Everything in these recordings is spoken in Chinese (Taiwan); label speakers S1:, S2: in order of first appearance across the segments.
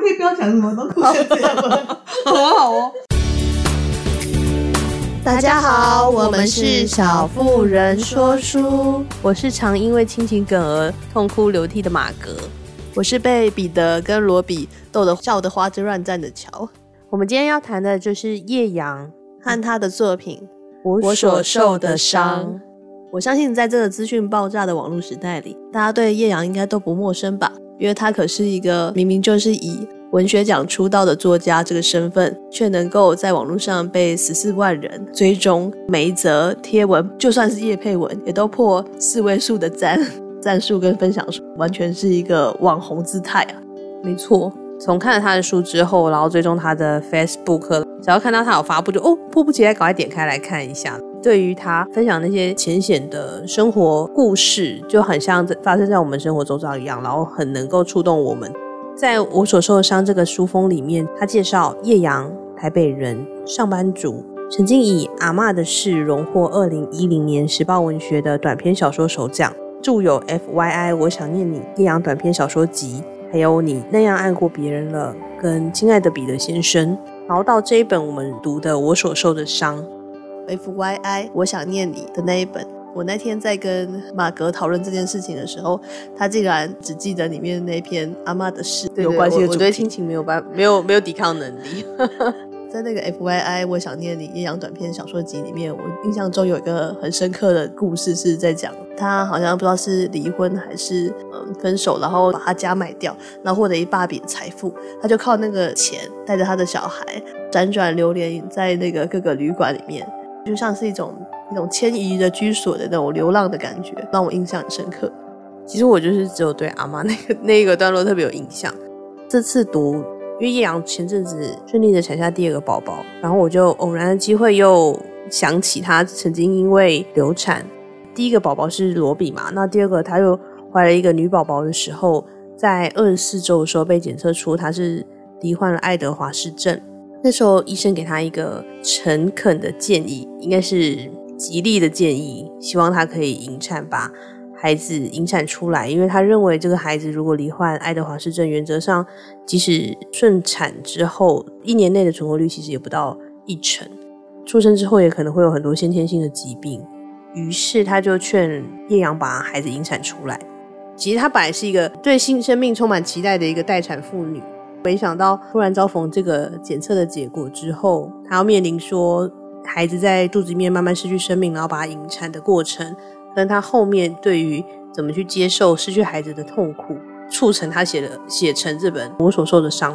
S1: 可以不要講什麼東西了， 好，好哦！大家好，我們是小婦人說書。 我是常因為親情梗而痛哭流涕的瑪格，我是被彼得跟羅比逗得笑得花枝亂顫的喬。 我們今天要談的就是葉揚和他的作品《我我所受的傷》。我相信在這個資訊爆炸的網絡時代裡，大家對葉揚應該都不陌生吧？因為他可是一個明明就是以文學獎出道的作家這個身份，卻能夠在網絡上被十四萬人追蹤，每一則貼文，就算是業配文，也都破四位數的讚、讚數跟分享數，完全是一個網紅姿態啊！沒錯，從看了他的書之後，然後追蹤他的 Facebook，只要看到他有發布就，就哦，迫不及待趕快點開來看一下。對於他分享那些淺顯的生活故事，就很像發生在我們生活周遭一樣，然後很能夠觸動我們。在我所受的傷這個書封裡面，他介紹葉揚，台北人，上班族，曾經以《阿嬤的事》榮獲二零一零年時報文學的短篇小說首獎，著有《F Y I 我想念你》、葉揚短篇小說集，還有《你那樣愛過別人了》跟《親愛的彼得先生》，然後到這一本我們讀的《我所受的傷》。F Y I，我想念你的那一本。我那天在跟馬格討論這件事情的時候，他竟然只記得裡面那篇阿嬤的事對對，有關係我。我對親情沒有辦，沒有沒有抵抗能力。 在那個 F Y I，我想念你葉揚短篇小說集裡面，我印象中有一個很深刻的故事，是在講他好像不知道是離婚還是嗯分手，然後把他家賣掉，然後獲得一大筆財富，他就靠那個錢帶着他的小孩輾轉，轉流連在那個各個旅館裡面。就像是一種一種遷移的居所的那種流浪的感覺，讓我印象很深刻。其實我就是只有對阿媽那個那一個段落特別有印象。這次讀，因為葉揚前陣子順利的產下第二個寶寶，然後我就偶然的機會又想起他曾經因為流產，第一個寶寶是羅比嘛，那第二個他又懷了一個女寶寶的時候，在二十四周的時候被檢測出他是罹患了愛德華氏症。那時候，醫生給他一個誠懇的建議，應該是極力的建議，希望他可以引產把孩子引產出來，因為他認為這個孩子如果罹患愛德華氏症，原則上即使順產之後一年內的存活率其實也不到一成，出生之後也可能會有很多先天性的疾病。於是他就勸葉揚把孩子引產出來。其實他本來是一個對新生命充滿期待的一個待產婦女。沒想到突然遭逢這個檢測的結果之後，他要面臨說孩子在肚子裡面慢慢失去生命，然後把他引產的過程，跟他後面對於怎麼去接受失去孩子的痛苦，促成他寫的寫成這本《我所受的傷》。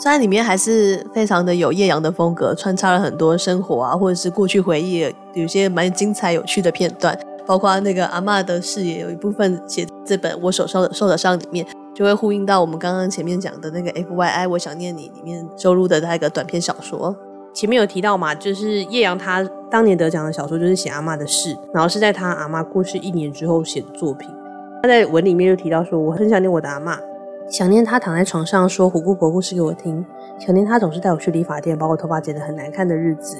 S1: 雖然裡面還是非常的有葉揚的風格，穿插了很多生活啊，或者是過去回憶，有些蠻精彩有趣的片段，包括那個阿嬤的視野，有一部分寫這本《我所受的受的傷》裡面。就會呼應到我們剛剛前面講的那個 FYI，我想念你裡面收錄的那個短篇小說。前面有提到嘛，就是葉揚他當年得獎的小說，就是寫阿嬤的事，然後是在他阿嬤過世一年之後寫的作品。他在文裡面就提到說，我很想念我的阿嬤，想念他躺在床上說虎姑婆故事給我聽，想念他總是帶我去理髮店把我頭髮剪得很難看的日子。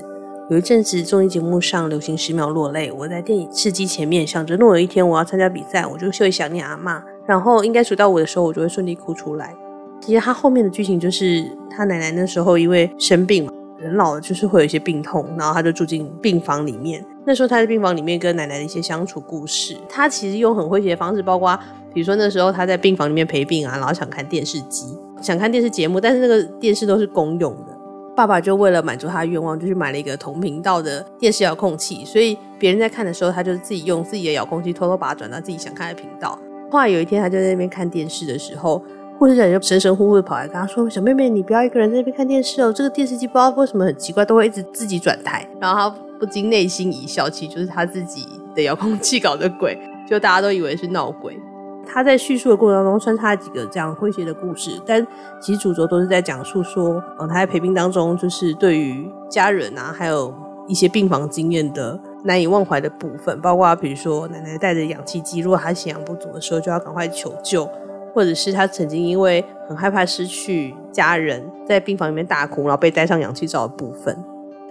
S1: 有一陣子綜藝節目上流行十秒落淚，我在電視機前面想着，若有一天我要參加比賽，我就會想念阿嬤。然後應該數到五的時候，我就會順利哭出來。其實他後面的劇情就是他奶奶那時候因為生病嘛，人老了就是會有一些病痛，然後他就住進病房裡面。那時候他在病房裡面跟奶奶的一些相處故事，他其實用很詼諧的方式，包括比如說那時候他在病房裡面陪病啊，然後想看電視機，想看電視節目，但是那個電視都是公用的。爸爸就為了滿足他的願望，就去買了一個同頻道的電視遙控器，所以別人在看的時候，他就是自己用自己的遙控器偷偷偷把它轉到自己想看的頻道。後來有一天，他就在那邊看電視的時候，護士長就神神乎乎的跑來跟他說：“小妹妹，你不要一個人在那邊看電視哦，這個電視機不知道為什麼很奇怪，都會一直自己轉台。”然後他不禁內心一笑，其實就是他自己的遙控器搞的鬼，就大家都以為是鬧鬼。 他在敘述的過程當中穿插了幾個這樣詼諧的故事，但其實主軸都是在講述說，嗯、呃，他在陪病當中，就是對於家人啊，還有一些病房經驗的。難以忘懷的部分，包括比如說奶奶帶着氧氣機，如果她血氧不足的時候，就要趕快求救，或者是她曾經因為很害怕失去家人，在病房裡面大哭，然後被戴上氧氣罩的部分。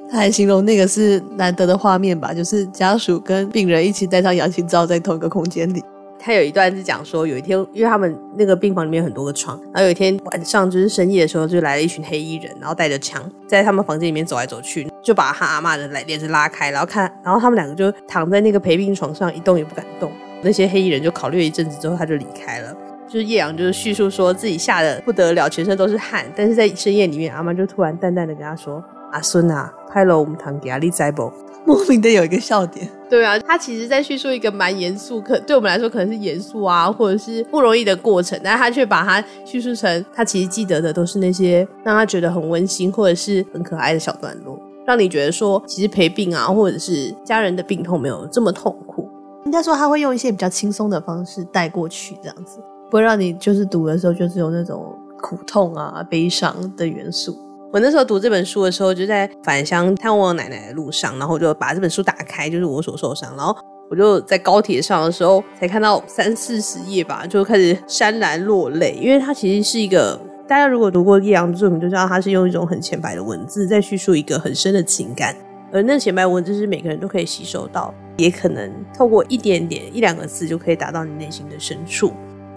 S1: 她還形容那個是難得的畫面吧，就是家屬跟病人一起戴上氧氣罩在同一個空間裡。她有一段是講說，有一天，因為他們那個病房裡面很多個床，然後有一天晚上就是深夜的時候，就來了一群黑衣人，然後帶着槍在他們房間裡面走來走去。就把他阿嬤的來簾子拉開，然後看，然後他們兩個就躺在那個陪病床上一動也不敢動。那些黑衣人就考慮了一陣子之後，他就離開了。就是葉揚就是敘述說自己嚇得不得了，全身都是汗，但是在深夜裡面，阿嬤就突然淡淡的跟他說：“阿孫啊，拍了我們躺給阿麗在啵。”莫名的有一個笑點。對啊，他其實，在敘述一個蠻嚴肅，可對我們來說可能是嚴肅啊，或者是不容易的過程，但他卻把它敘述成他其實記得的都是那些讓他覺得很溫馨或者是很可愛的小段落。讓你覺得說，其實陪病啊，或者是家人的病痛沒有這麼痛苦。應該說他會用一些比較輕鬆的方式帶過去，這樣子不會讓你就是讀的時候就是有那種苦痛啊、悲傷的元素。我那時候讀這本書的時候，就在返鄉探望奶奶的路上，然後就把這本書打開，就是我所受的傷，然後我就在高鐵上的時候才看到三四十頁吧，就開始潸然落淚，因為它其實是一個。大家如果讀過葉揚的作品，就知道他是用一種很淺白的文字，在敘述一個很深的情感，而那淺白文字是每個人都可以吸收到，也可能透過一點點一兩個字，就可以達到你內心的深處。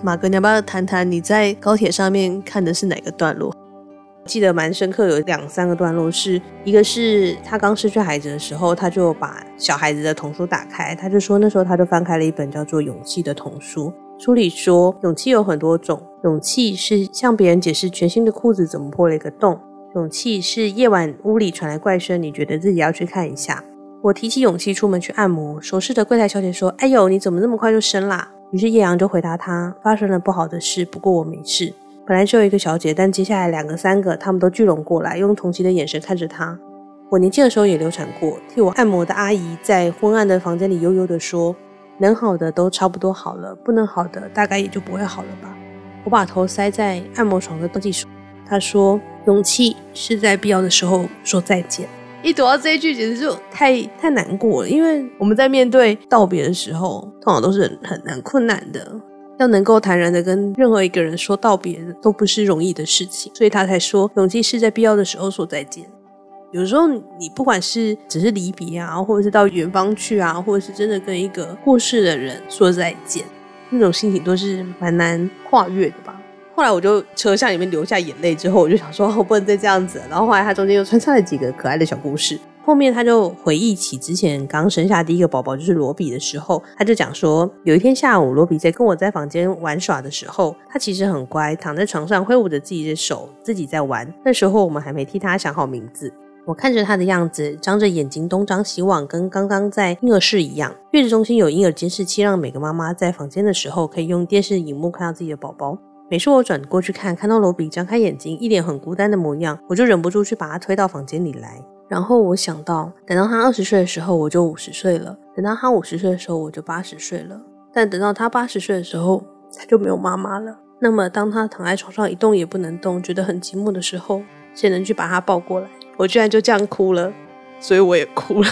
S1: 馬哥，你要不要談談你在高鐵上面看的是哪個段落？記得蠻深刻，有兩三個段落，是一個是他剛失去孩子的時候，他就把小孩子的童書打開，他就說那時候他就翻開了一本叫做《勇氣》的童書。書裡說，勇氣有很多種。勇氣是向別人解釋全新的褲子怎麼破了一個洞。勇氣是夜晚屋裡傳來怪聲，你覺得自己要去看一下。我提起勇氣出門去按摩，熟識的櫃檯小姐說：“哎呦，你怎麼那麼快就生啦？”於是葉揚就回答她：“發生了不好的事，不過我沒事。”本來只有一個小姐，但接下來兩個、三個，他們都聚攏過來，用同情的眼神看着她。我年輕的時候也流產過，替我按摩的阿姨在昏暗的房間裡悠悠地說。能好的都差不多好了，不能好的大概也就不會好了吧。我把頭塞在按摩床的登記處。他說：“勇氣是在必要的時候說再見。”一讀到這一句，簡直就太太難過了，因為我們在面對道別的時候，通常都是很很困難的。要能夠坦然的跟任何一個人說道別，都不是容易的事情。所以他才說：“勇氣是在必要的時候說再見。”有時候你不管是只是離別啊，或者是到遠方去啊，或者是真的跟一個過世的人說再見，那種心情都是蠻難跨越的吧。後來我就車廂裡面流下眼淚之後，我就想說，我不能再這樣子了。然後後來他中間又穿插了幾個可愛的小故事。後面他就回憶起之前剛生下第一個寶寶就是羅比的時候，他就講說，有一天下午羅比在跟我在房間玩耍的時候，他其實很乖，躺在床上揮舞着自己的手，自己在玩。那時候我們還沒替他想好名字。我看着他的樣子，張着眼睛東張西望，跟剛剛在嬰兒室一樣。月子中心有嬰兒監視器，讓每個媽媽在房間的時候可以用電視熒幕看到自己的寶寶。每次我轉過去看，看到羅比張開眼睛，一臉很孤單的模樣，我就忍不住去把他推到房間裡來。然後我想到，等到他二十歲的時候，我就五十歲了；等到他五十歲的時候，我就八十歲了。但等到他八十歲的時候，他就沒有媽媽了。那麼，當他躺在床上一動也不能動，覺得很寂寞的時候，誰能去把他抱過來？我居然就這樣哭了，所以我也哭了。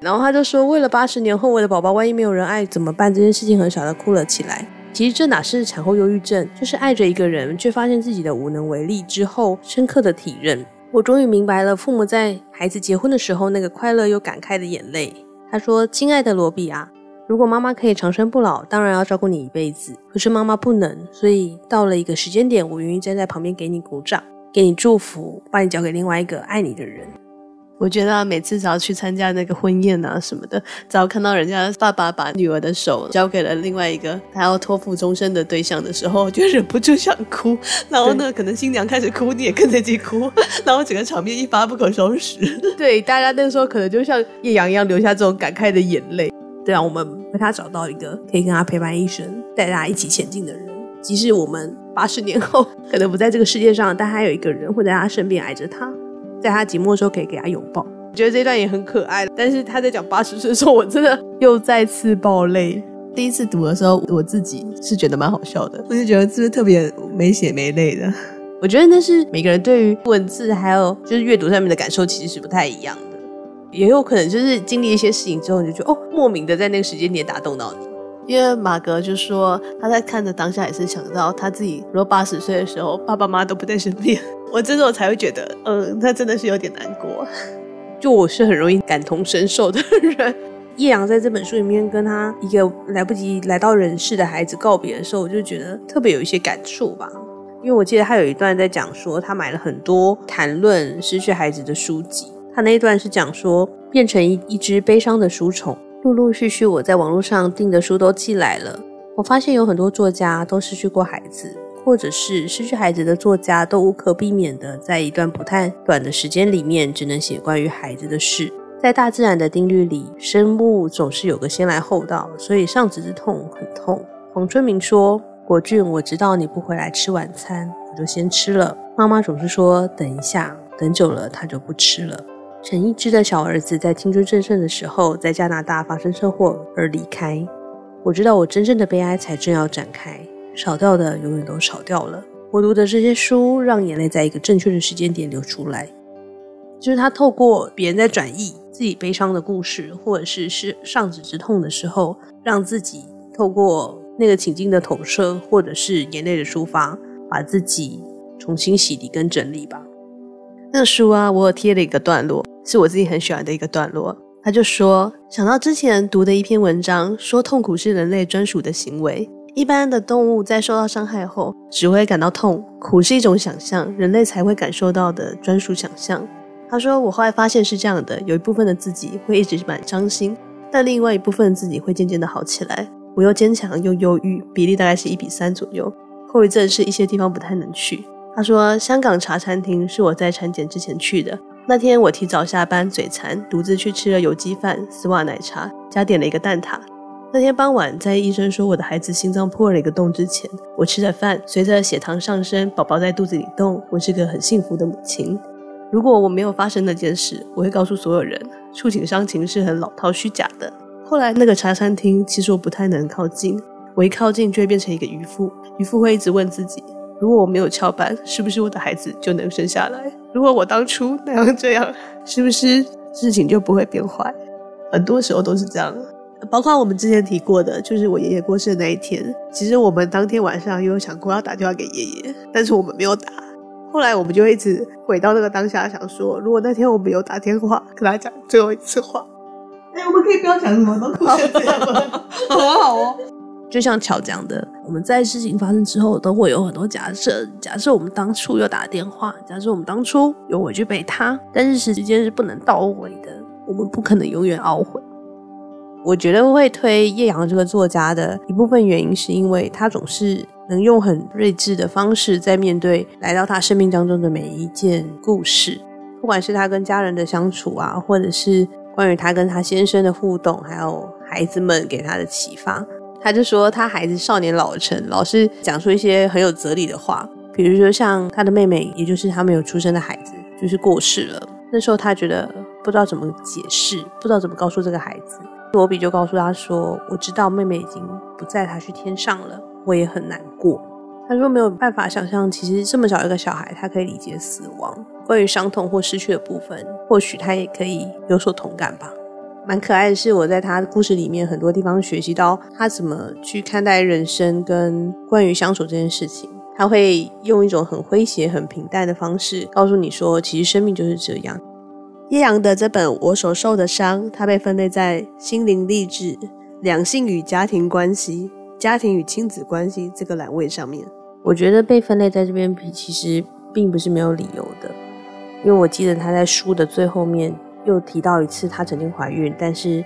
S1: 然後他就說：“為了八十年後我的寶寶，萬一沒有人愛怎麼辦？”這件事情很傻的哭了起來。其實這哪是產後憂鬱症，就是愛着一個人卻發現自己的無能為力之後深刻的體認。我終於明白了父母在孩子結婚的時候那個快樂又感慨的眼淚。他說：“親愛的羅比啊，如果媽媽可以長生不老，當然要照顧你一輩子。可是媽媽不能，所以到了一個時間點，我願意站在旁邊給你鼓掌。”給你祝福，把你交給另外一個愛你的人。我覺得每次只要去參加那個婚宴啊什麼的，只要看到人家爸爸把女兒的手交給了另外一個他要托付終身的對象的時候，就忍不住想哭。然後呢，對可能新娘開始哭，你也跟着去哭，然後整個場面一發不可收拾。對，大家那時候可能就像葉揚一樣，流下這種感慨的眼淚。對啊，我們為他找到一個可以跟他陪伴一生，帶大家一起前進的人。即使我們八十年後可能不在這個世界上，但還有一個人會在他身邊挨着他，在他寂寞的時候可以給他擁抱。我覺得這段也很可愛，但是他在講八十歲的時候，我真的又再次爆淚。第一次讀的時候，我自己是覺得蠻好笑的，我就覺得是不是特別沒血沒淚的？我覺得那是每個人對於文字還有就是閱讀上面的感受其實是不太一樣的，也有可能就是經歷一些事情之後，你就覺得哦，莫名的在那個時間點打動到你。因為馬格就說他在看着當下，也是想到他自己如果八十歲的時候，爸爸媽媽都不在身邊，我這時候才會覺得，嗯，他真的是有點難過。就我是很容易感同身受的人。葉揚在這本書裡面跟他一個來不及來到人世的孩子告別的時候，我就覺得特別有一些感觸吧。因為我記得他有一段在講說他買了很多談論失去孩子的書籍，他那一段是講說變成一只悲傷的書蟲。陸陸續續，我在網絡上訂的書都寄來了。我發現有很多作家都失去過孩子，或者是失去孩子的作家，都無可避免的在一段不太短的時間裡面，只能寫關於孩子的事。在大自然的定律裡，生物總是有個先來後到，所以喪子之痛很痛。黃春明說：“國俊，我知道你不回來吃晚餐，我就先吃了。媽媽總是說等一下，等久了她就不吃了。”陳義芝的小兒子在青春正盛的時候，在加拿大發生車禍而離開。我知道我真正的悲哀才正要展開，少掉的永遠都少掉了。我讀的這些書，讓眼淚在一個正確的時間點流出來。就是他透過別人在轉譯自己悲傷的故事，或者是失喪子之痛的時候，讓自己透過那個情境的投射，或者是眼淚的抒發，把自己重新洗滌跟整理吧。那個書啊，我有貼了一個段落。是我自己很喜歡的一個段落，他就說想到之前讀的一篇文章，說痛苦是人類專屬的行為，一般的動物在受到傷害後只會感到痛，苦是一種想象，人類才會感受到的專屬想象。他說我後來發現是這樣的，有一部分的自己會一直蠻傷心，但另外一部分的自己會漸漸的好起來，我又堅強又憂鬱，比例大概是一比三左右。後遺症是一些地方不太能去。他說香港茶餐廳是我在產檢之前去的。那天我提早下班，嘴饞，獨自去吃了油雞飯、絲襪奶茶，加點了一個蛋撻。那天傍晚，在醫生說我的孩子心臟破了一個洞之前，我吃着飯，隨着血糖上升，寶寶在肚子裡動，我是個很幸福的母親。如果我沒有發生那件事，我會告訴所有人，觸景傷情是很老套虛假的。後來那個茶餐廳，其實我不太能靠近，我一靠近就會變成一個漁夫，漁夫會一直問自己。如果我沒有翹班，是不是我的孩子就能生下來？如果我當初那樣這樣，是不是事情就不會變壞？很多時候都是這樣。包括我們之前提過的，就是我爺爺過世的那一天，其實我們當天晚上也有想過要打電話給爺爺，但是我們沒有打。後來我們就一直回到那個當下，想說，如果那天我們有打電話跟他講最後一次話，哎、欸，我們可以不要講什麼，都是這樣， 好，好哦。就像巧講的，我們在事情發生之後都會有很多假設。假設我們當初有打電話，假設我們當初有回去陪他，但是時間是不能倒回的，我們不可能永遠懊悔。我覺得會推葉揚這個作家的一部分原因，是因為他總是能用很睿智的方式在面對來到他生命當中的每一件故事，不管是他跟家人的相處啊，或者是關於他跟他先生的互動，還有孩子們給他的啟發。他就說他孩子少年老成，老是講出一些很有哲理的話。比如說像他的妹妹，也就是他沒有出生的孩子，就是過世了。那時候他覺得不知道怎麼解釋，不知道怎麼告訴這個孩子。羅比就告訴他說：“我知道妹妹已經不在，她去天上了，我也很難過。”他說沒有辦法想象，其實這麼小一個小孩，他可以理解死亡，關於傷痛或失去的部分，或許他也可以有所同感吧。蠻可愛的，是我在他的故事裡面很多地方學習到他怎麼去看待人生跟關於相處這件事情。他會用一種很詼諧、很平淡的方式告訴你說，其實生命就是這樣。葉揚的這本《我所受的傷》，它被分類在心靈勵志、兩性與家庭關係、家庭與親子關係這個欄位上面。我覺得被分類在這邊，其實並不是沒有理由的，因為我記得他在書的最後面。又提到一次，她曾經懷孕，但是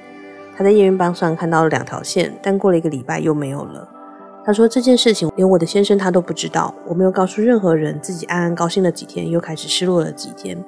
S1: 她在驗孕棒上看到了兩條線，但過了一個禮拜又沒有了。她說這件事情連我的先生他都不知道，我沒有告訴任何人，自己暗暗高興了幾天，又開始失落了幾天。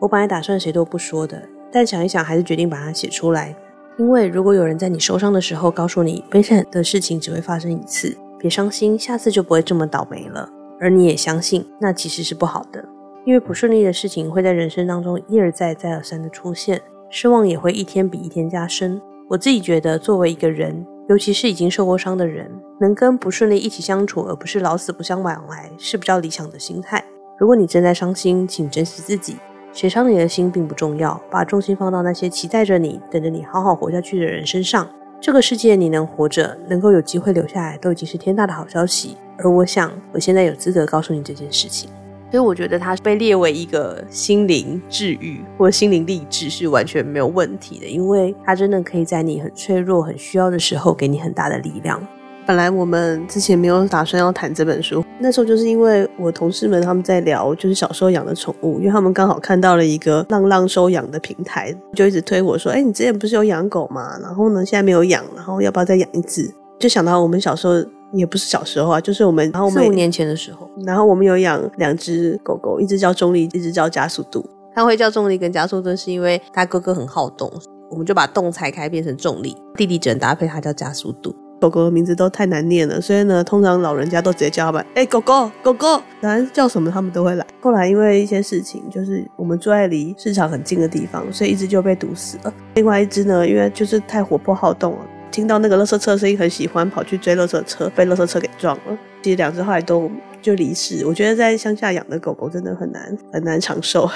S1: 我本來打算誰都不說的，但想一想還是決定把它寫出來，因為如果有人在你受傷的時候告訴你，悲慘的事情只會發生一次，別傷心，下次就不會這麼倒霉了，而你也相信，那其實是不好的。因為不順利的事情會在人生當中一而再再而三的出現，失望也會一天比一天加深。我自己覺得，作為一個人，尤其是已經受過傷的人，能跟不順利一起相處，而不是老死不相往來，是比較理想的心態。如果你正在傷心，請珍惜自己，誰傷你的心並不重要，把重心放到那些期待着你、等着你好好活下去的人身上。這個世界，你能活着，能夠有機會留下來，都已經是天大的好消息。而我想，我現在有資格告訴你這件事情。所以我覺得它被列為一個心靈治癒或者心靈勵志是完全沒有問題的，因為它真的可以在你很脆弱、很需要的時候給你很大的力量。本來我們之前沒有打算要談這本書，那時候就是因為我同事們他們在聊，就是小時候養的寵物，因為他們剛好看到了一個浪浪收養的平台，就一直推我說：“哎，你之前不是有養狗嗎？然後呢，現在沒有養，然後要不要再養一隻？”就想到我們小時候。也不是小時候啊，就是我們，然後我們四五年前的時候，然後我們有養兩隻狗狗，一隻叫重力，一隻叫加速度。它會叫重力跟加速度，是因為它哥哥很好動，我們就把動拆開，變成重力，弟弟只能搭配它叫加速度。狗狗的名字都太難念了，所以呢，通常老人家都直接叫他們，哎、欸，狗狗，狗狗，然後叫什麼，他們都會來。後來因為一些事情，就是我們住在離市場很近的地方，所以一直就被毒死了。另外一隻呢，因為就是太活潑好動了。聽到那個垃圾車聲音很喜歡跑去追垃圾車，被垃圾車給撞了。其實兩隻後來都就離世。我覺得在鄉下養的狗狗真的很難很難長壽。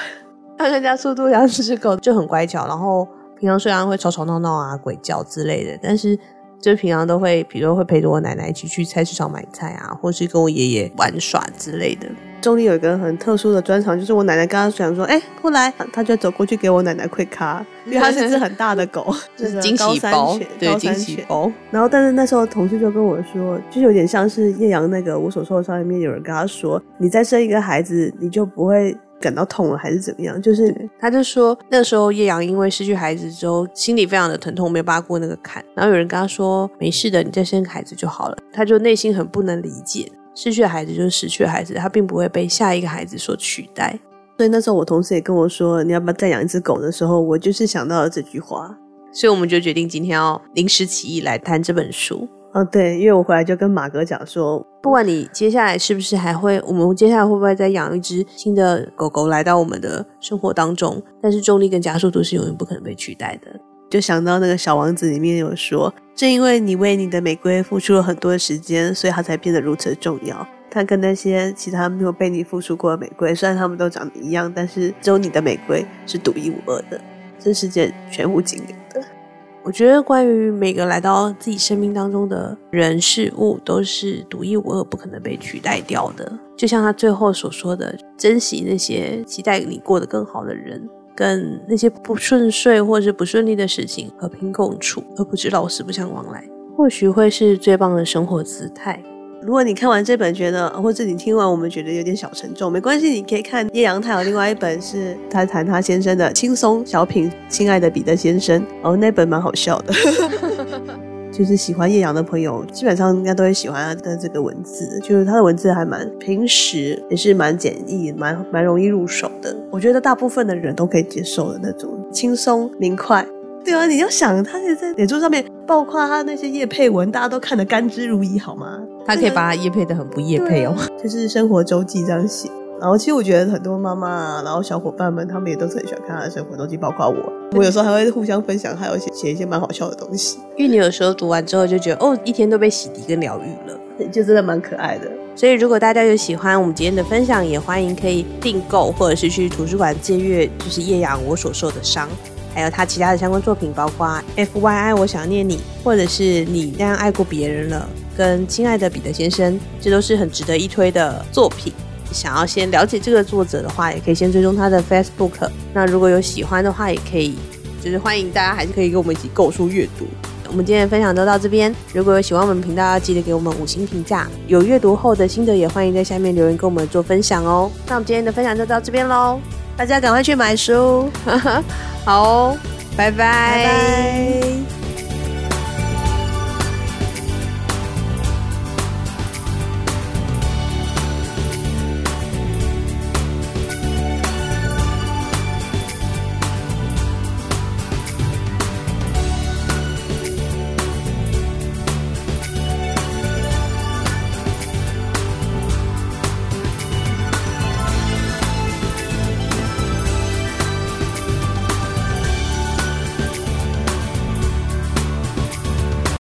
S1: 他們家速度養這隻狗就很乖巧，然後平常雖然會吵吵鬧鬧啊、鬼叫之類的，但是就平常都會，比如說會陪着我奶奶一起去菜市場買菜啊，或是跟我爺爺玩耍之類的。重力有一個很特殊的專長，就是我奶奶跟他講說，哎、欸，過來他，他就走過去給我奶奶跪咖，因為他是一只很大的狗， 就是金崎犬，對金崎犬。對然後，但是那時候同事就跟我說，就是有點像是葉揚那個我所受的傷裡面有人跟他說，你再生一個孩子，你就不會感到痛了，還是怎麼樣？就是對他就說，那時候葉揚因為失去孩子之後，心裡非常的疼痛，沒有扒過那個坎。然後有人跟他說，沒事的，你再生個孩子就好了。他就內心很不能理解。失去的孩子就是失去的孩子，他並不會被下一個孩子所取代。所以那時候我同事也跟我說：“你要不要再養一隻狗？”的時候，我就是想到了這句話，所以我們就決定今天要臨時起意來談這本書。啊、哦，對，因為我回來就跟馬哥講說，不管你接下來是不是還會，我們接下來會不會再養一隻新的狗狗來到我們的生活當中，但是重力跟加速度是永遠不可能被取代的。就想到那個小王子裡面有說，正因為你為你的玫瑰付出了很多時間，所以它才變得如此重要。它跟那些其他沒有被你付出過的玫瑰，雖然他們都長得一樣，但是只有你的玫瑰是獨一無二的，這世界全無僅有的。我覺得，關於每個來到自己生命當中的人事物，都是獨一無二，不可能被取代掉的。就像他最後所說的，珍惜那些期待你過得更好的人。跟那些不順遂或是不順利的事情和平共處，而不知老死不相往來，或許會是最棒的生活姿態。如果你看完這本覺得呢，或者你聽完我們覺得有點小沉重，沒關係，你可以看葉揚，她有另外一本，是他談他先生的輕鬆小品《親愛的彼得先生》，哦，那本蠻好笑的。 就是喜歡葉揚的朋友，基本上應該都會喜歡他的這個文字。就是他的文字還蠻平實，也是蠻簡易，蠻蠻容易入手的。我覺得大部分的人都可以接受的那種輕鬆明快。對啊，你要想他也在臉書上面，包括他那些業配文，大家都看得甘之如飴，好嗎？他可以把他業配的很不業配哦、對啊，就是生活週記這樣寫。然後其實我覺得很多媽媽，然後小夥伴們，他們也都是很喜歡看他的生活的東西，包括我。我有時候還會互相分享，還有寫，寫一些蠻好笑的東西。玉你有時候讀完之後就覺得，哦，一天都被洗滌跟療癒了，就真的蠻可愛的。所以如果大家有喜歡我們今天的分享，也歡迎可以訂購，或者是去圖書館借閱，就是葉揚我所受的傷，還有他其他的相關作品，包括 FYI 我想念你，或者是你那樣愛過別人了，跟親愛的彼得先生，這都是很值得一推的作品。想要先了解這個作者的話，也可以先追蹤他的 Facebook。那如果有喜歡的話，也可以就是歡迎大家還是可以跟我們一起購書閱讀。我們今天的分享都到這邊。如果有喜歡我們頻道，要記得給我們五星評價。有閱讀後的心得也歡迎在下面留言跟我們做分享哦。那我們今天的分享就到這邊嘍，大家趕快去買書， 好哦，拜拜。拜拜。